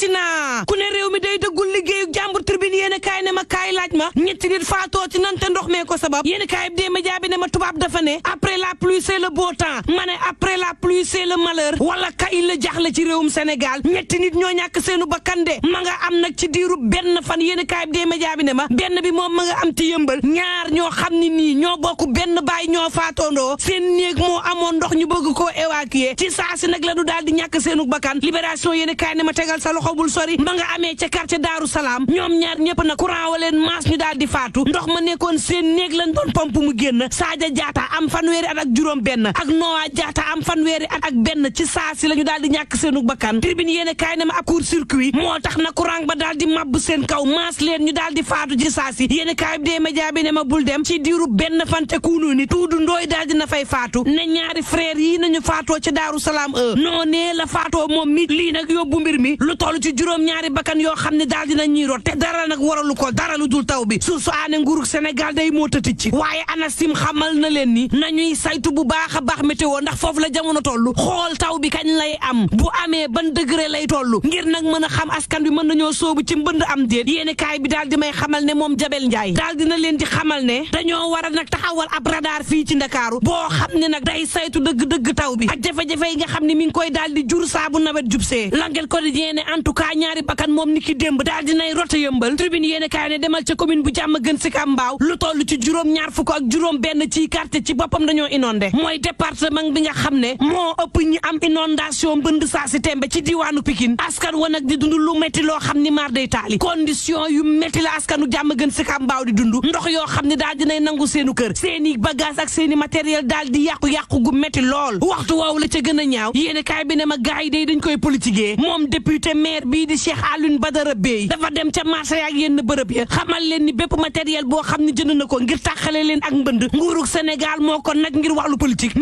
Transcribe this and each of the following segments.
metti na ku ne réew mi day dëggul liggéeyu jàmbur tribune yéen a kaay ne ma kaay laaj ma ñetti nit faatoo ci ndox mee ko sabab yéen a kaay bi ne ma tubaab dafa ne après la pluie c'est le beau temps ma après aujourd'hui c'est le malheur wala kay la jaaxle ci réewum Sénégal ñetti nit ñoo ñàkk seenu bakkan de ma nga am nag ci diiru benn fan yéen kaay bi dee média bi ne ma benn bi moom ma nga am ti yëmbal ñaar ñoo xam ni nii ñoo bokk benn baay ñoo faatoondoo seen néeg moo amoon ndox ñu bëgg koo évacuer ci saa si nag la nu daal di ñàkk seenu bakkan libération yéen kaay ne ma tegal sa loxo bul sori ma nga amee ca quartier Daaru Salaam ñoom ñaar ñëpp na courant waleen maas ñu daal di faatu ndox ma nekkoon seen néeg lañ doon pompe mu génn Sadia Diatta am fanweeri at ak juróom benn ak Noa Diatta am at ak benn ci saa si la daal di ñàkk seenu bakkan tribune yéene kaay na ma ab court circuit moo tax na courant ba daal di màbb seen kaw maas leen ñu daal di faatu ci saa si yéene kaay bi dee média bi ne ma bul dem ci diiru benn fante kuunu ni tuudu ndooy daal dina fay faatu ne ñaari frère yi nañu faatoo ci daaru salaam e noo nee la faatoo moom mi lii nag yóbbu mbir mi lu toll ci juróom-ñaari bakkan yoo xam ne daal dina ñuy rot te dara nag waralu ko dara lu dul taw bi suuf su aane nguurug Sénégal day moo ci waaye ANACIM xamal na leen ni nañuy saytu bu baax a baax météo ndax foofu la jamono toll toll xool taw bi kañ lay am bu amee ban degré lay toll ngir nag mën a xam askan bi mën nañoo soobu ci mbënd am déet yéeni kaay bi daal di may xamal ne moom Jabel Njaay daal dina leen di xamal ne a nag taxawal ab radar fii ci ndakaaru boo xam ne nag day saytu dëgg-dëgg taw bi ak jafe yi nga xam mi ngi koy daal di jur saa bu nawet jubsee L'Enquête moom ni ki démb daal dinay rote yëmbal tribune yéeni kaay ne demal ca commune bu jàmm gën si kàmbaaw lu toll ci juróom ñaar fukk ak juróom benn ci quartier ci boppam dañoo inondé mooy département bi nga xam ne moo ñoo ëpp ñi am inondation mbënd saa tembe ci diiwaanu Pikine askan wa nag di dund lu métti loo xam ni maar day taali condition yu métti la askanu jàmm gën si kàmbaaw di dund ndox yoo xam ne daal dinay nangu seenu kër seeni bagage ak seeni matériel daal di yàqu-yàqu gu métti lool waxtu waaw la ca gën a ñaaw yéene kaay bi ne ma gars yi day dañ koy politiquer moom député maire bii di Cheikh Alioune Badara Bey dafa dem ca marché ak yenn bërëb ya xamal leen ni bépp matériel boo xam ne jënd na ko ngir tàqale leen ak mbënd nguurug Sénégal moo ko nag ngir wàllu politique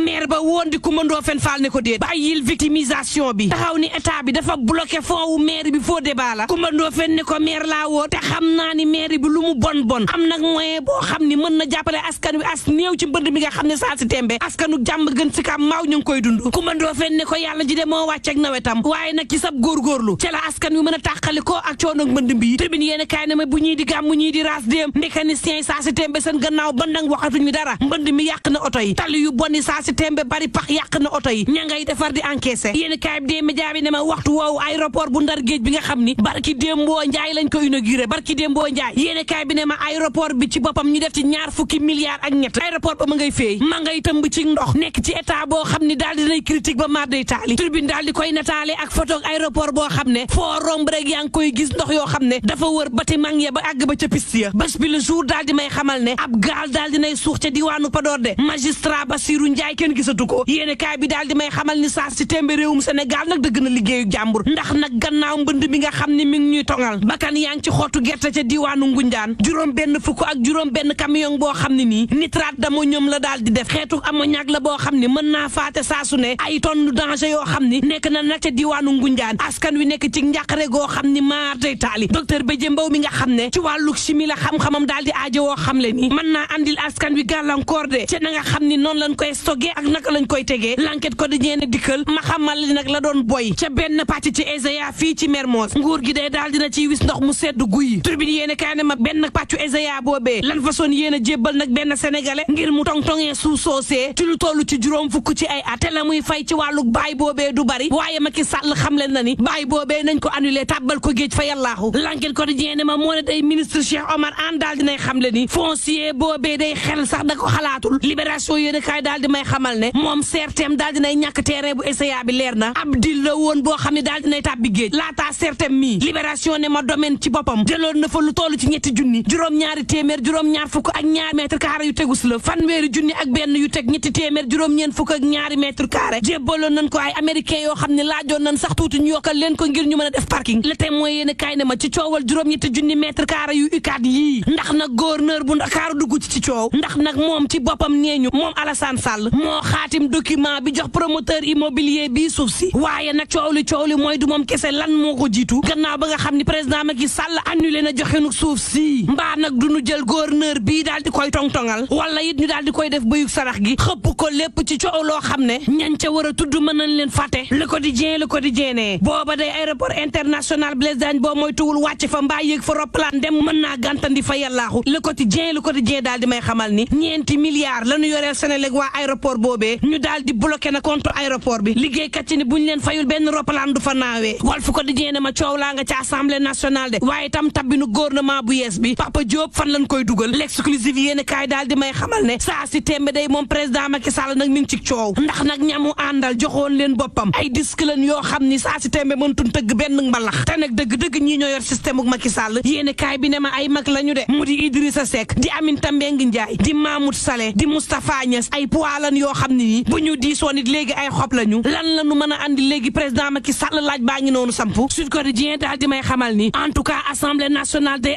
Fall ne ko déet bàyyil victimisation bi taxaw ni état bi dafa bloqué fond wu maire bi faux débat la Coumba Ndoffène ne ko maire laa woo te xam naa ni maire bi lu mu bon bon am nag moyen boo xam ni mën na jàppale askan wi as néew ci mbënd mi nga xam ne saa si tembe askanu jàmm gën si kam maaw ñu ngi koy dund Coumba Ndoffène ne ko yàlla ji de moo wàcceeg nawetam waaye nag ci sab góorgóorlu ca la askan wi mën a tàqali ko ak coono mbënd bi tribune yéen kaay na ma bu ñuy di mu ñuy di raas déem mécanicien yi saa si tembe seen gannaaw bandang waxatuñu dara mbënd mi yàq na oto yi tali yu bon yi tembe bari pax yàq na oto yi yi ña ngay defar di encaissé yéen kaay bi dee média ne ma waxtu woowu aéroport bu ndar bi nga xam ni barki démboo njaay lañ ko inauguré barki démboo njaay yéen kaay bi ne ma aéroport bi ci boppam ñu def ci ñaar fukki milliards ak ñett aéroport ba ma ngay féey ma tëmb ci ndox nekk ci état boo xam ni daal dinay critique ba maar day taali tribune daal di koy nataale ak photo aéroport boo xam ne foo romb rek yaa ngi koy gis ndox yoo xam ne dafa wër bâtiment ya ba àgg ba ca bi le jour daal di may xamal ne ab gaal daal suux ca diwaanu Podor de magistrat Bassirou Ndiaye kenn gisatu ko di may xamal ni saa si tembe réewum Sénégal nag dëgg na liggéeyu jàmbur ndax nag gannaaw mbënd mi nga xam ni mi ngi ñuy toŋal bakkan yaa ngi ci xottu gerte ca diiwaanu Ngunjaan juróom benn fukk ak juróom benn camion boo xam ne nii damo ñoom la daal di def xeetu ammoniac la boo xam ne mën naa faate saa su ne ay tonne danger yoo xam ni nekk na nag ca diiwaanu Ngunjaan askan wi nekk ci njàqare goo xam ni maar day taali docteur Béje Mbow mi nga xam ne ci wàllu chimie la xam-xamam daal di aajo woo xam le ni mën naa andil askan wi gàllankoor de ci na nga xam ni noonu lañ koy stocké ak naka lañ koy tegee l'enquête Quotidien dikkal ma xamal li nag la doon boy ca benn pàcc ci Ezaya fii ci Mermoz nguur gi day daal dina ciy wis ndox mu sedd guy turbine yéen kaay ne ma benn pàccu Ezaya boobee lan façon yéen a jébbal nag benn sénégalais ngir mu tong-tongee su soosee ci lu toll ci juróom fukk ci ay at te la muy fay ci wàllu baay boobee du bari waaye Macky Sall xam leen na ni baay boobee nañ ko annulé tàbbal ko géej fa yàllaahu L'Enquête Quotidien ne ma moo day ministre Cheikh Omar Anne daal dinay xam le ni foncier boobee day xel sax da ko xalaatul libération yéen kaay daal di may xamal ne moom sertem daal dina nay ñàkk terrain bu SAA bi leer na ab dil la woon boo xam ne daal dinay tàbbi géej laataa certain mi libération ne ma domaine ci boppam jëloon na fa lu ci ñetti junni juróom-ñaari téeméer juróom-ñaar fukk ak ñaari mètre carré yu tegus la junni ak benn yu teg ñetti téeméer juróom-ñeent fukk ak ñaari mètre carré jébbaloon nañ ko ay américain yoo xam ne laajoon nañ sax tuuti ñu yokkal leen ko ngir ñu mën a def parking le témoin yéen kaay ne ma ci coowal juróom-ñetti junni mètre carré yu UCAD yii ndax na gouverneur bu ndakaaru dugg ci ci coow ndax nag moom ci boppam nee ñu moom Alassane Sall moo xaatim document promoteur immobilier bii suuf si waaye nag coow li coow li mooy du moom kese lan moo ko jiitu gannaaw ba nga xam ni président Macky Sall annulé na joxinu suuf si mbaa nag du ñu jël gouverneur bii daal di koy tongal wala it ñu daal di koy def bëyug sarax gi xëpp ko lépp ci coow lo xam ne ñañ ca war a tudd mën nañ leen fàtte le quotidien le quotidien ne booba day aéroport international Blaise Diagne boo mooy tuwul wàcc fa mbaa yéeg fa roppalaan dem mën naa gàntandi fa yàllaaxu le quotidien le quotidien daal di may xamal ni ñeenti milliards la ñu yoreel Sénégal waa aéroport boobee ñu daal di bloqué na contre aéroport bi liggéeykat yi ni buñ leen fayul benn roppalaan du fa naawee Walf Quotidien ne ma coow laa nga ci assemblée nationale de waaye itam tabbinu gouvernement bu yees bi Papa Diop fan lañ koy dugal l'exclusif yéen kaay daal di may xamal ne saa si tembe day moom président Macky Sall nag mi ngi ci coow ndax nag ñamu àndal joxoon leen boppam ay disque lan yoo xam ni saa si tembe mëntun tëgg benn mbalax te nag dëgg-dëgg ñii ñoo yor système uk Macky Sall yéen kaay bi ne ma ay mag lañu de mu di Idrissa Seck di Aminata Mbengue Ndiaye di Mahmoud Saleh di Moustapha Niass ay poids lañ yoo xam ne léegi ay xob lañu lan la ñu mën a andi léegi président Macky Sall laaj baa ngi noonu samp Sud Quotidien daal di may xamal ni en tout cas assemblée nationale day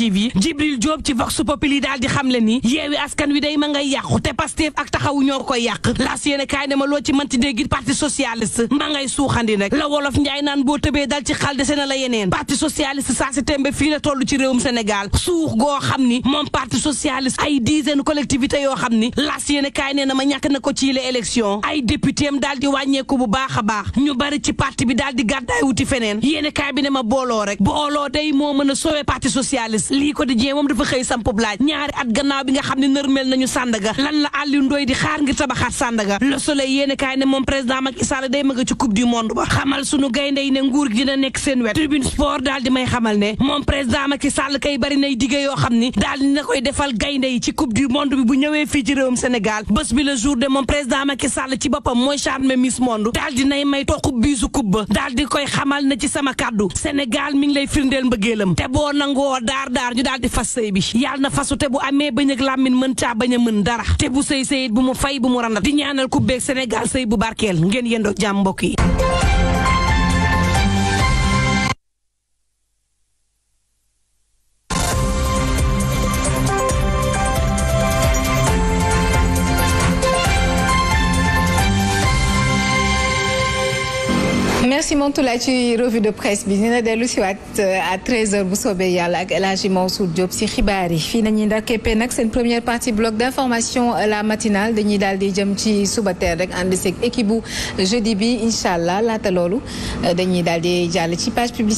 yi Jibril Diop ci Vox Populi daal di xamle ni yeewi askan wi day ma ngay te Pastef ak taxawu ñoo koy yàq laas yéene kaay ne ma loo ci mënti dégg parti socialiste ma ngay suuxandi la wolof naan boo tëbee la yeneen parti socialiste saa si tembe fii la toll ci réewum Sénégal suux goo xam ni moom parti socialiste ay dizaine yeneen collectivité yoo xam ni las yéene kaay nee na ma ñàkk na ko ci les élections ay député am di wàññeeku bu baax a baax ñu bari ci parti bi daal di gàddaay wuti feneen yéene kaay bi ne ma booloo rek booloo day moo mën a soowee parti socialiste lii ko di jee moom dafa xëy samp laaj ñaari at gannaaw bi nga xam ne nërmeel nañu Sandaga lan la Aliou Ndoye di xaar ngir tabaxaat Sandaga Le Soleil yéene kaay ne moom président Macky Sall day mag ci coupe du monde ba xamal sunu gaynde yi ne nguur gi dina nekk seen wet tribune sport daal di xamal ne moom président Macky Sall kay bari nay dige yoo xam ni daal defal gaynde du monde bi bu ñëwee fii ci réewum Sénégal bés bi le jour de moom président Macky Sall ci boppam mooy charme Miss Monde daal di nay may toqub biisu kubba daal di koy xamal na ci sama kàddu Sénégal mi ngi lay firndeel mbëggeelam te boo nangoo daar daar ñu daal di fas sëy bi yàlla na fasu te bu amee bañ làmmin mën caa bañ a mën dara te bu sëy sëyit bu mu fay bu mu randat di ñaanal kubbeeg Sénégal sëy bu barkeel ngeen yendoo jàmm mbokk yi merci Mantoulaye ci revue de presse bi dina dellu si waat euh, à 13h bu soobee yàlla ak El Hadji Mansour Diop si xibaar première partie bloc d' information euh, la matinale dañuy daal di jëm ci suba teel rek ànd seeg équipe bu jeudi bi incha allah laata loolu euh, dañuy daal ci page